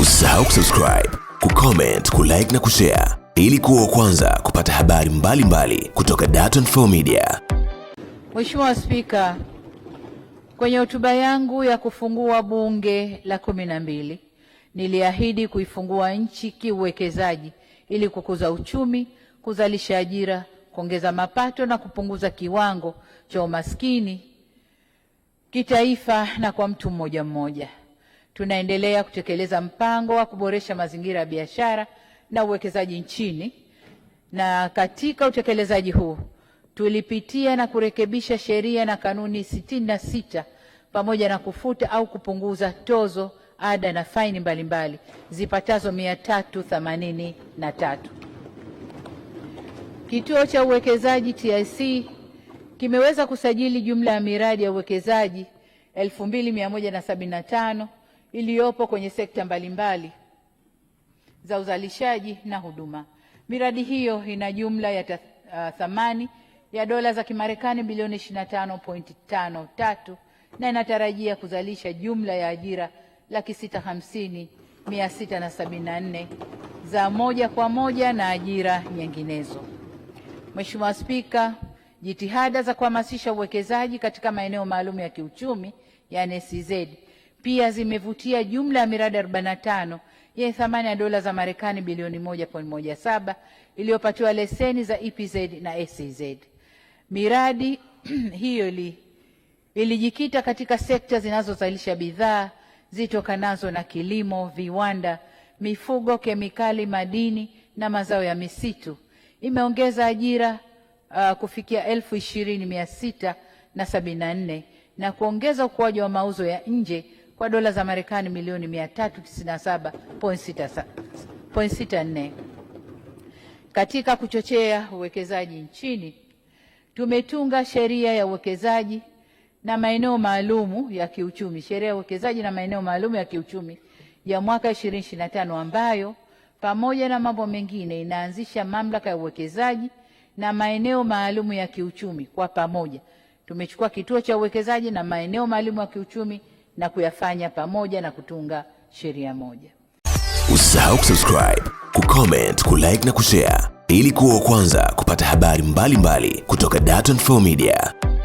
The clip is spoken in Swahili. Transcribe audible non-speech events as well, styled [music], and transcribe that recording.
Usisahau kusubscribe, kucomment, kulike na kushare ili kuwa kwanza kupata habari mbalimbali mbali kutoka Dar24 Media. Mheshimiwa Spika, kwenye hotuba yangu ya kufungua bunge la kumi na mbili niliahidi kuifungua nchi kiuwekezaji ili kukuza uchumi, kuzalisha ajira, kuongeza mapato na kupunguza kiwango cha umaskini kitaifa na kwa mtu mmoja mmoja. Tunaendelea kutekeleza mpango wa kuboresha mazingira ya biashara na uwekezaji nchini, na katika utekelezaji huu tulipitia na kurekebisha sheria na kanuni sitini na sita pamoja na kufuta au kupunguza tozo, ada na faini mbalimbali zipatazo mia tatu themanini na tatu. Kituo cha uwekezaji TIC kimeweza kusajili jumla ya miradi ya uwekezaji 2175 iliyopo kwenye sekta mbalimbali za uzalishaji na huduma. Miradi hiyo ina jumla ya uh, thamani ya dola za Kimarekani bilioni 25.53 na inatarajia kuzalisha jumla ya ajira laki sita na nne za moja kwa moja na ajira nyinginezo. Mheshimiwa Spika, jitihada za kuhamasisha uwekezaji katika maeneo maalum ya kiuchumi yani SEZ pia zimevutia jumla ya miradi 45 yenye thamani ya dola za Marekani bilioni 1.17 iliyopatiwa leseni za EPZ na SEZ. Miradi [clears throat] hiyo ili, ilijikita katika sekta zinazozalisha bidhaa zitokanazo na kilimo, viwanda, mifugo, kemikali, madini na mazao ya misitu. Imeongeza ajira uh, kufikia elfu ishirini mia sita na sabini na nne na kuongeza ukuaji wa mauzo ya nje kwa dola za Marekani milioni 397.64. Katika kuchochea uwekezaji nchini, tumetunga sheria ya uwekezaji na maeneo maalumu ya kiuchumi, sheria ya uwekezaji na maeneo maalumu ya kiuchumi ya mwaka 2025 ambayo pamoja na mambo mengine inaanzisha mamlaka ya uwekezaji na maeneo maalumu ya kiuchumi kwa pamoja. Tumechukua kituo cha uwekezaji na maeneo maalumu ya kiuchumi na kuyafanya pamoja na kutunga sheria moja. Usisahau kusubscribe, kucomment, kulike na kushare ili kuwa wa kwanza kupata habari mbalimbali mbali kutoka Dar24 Media.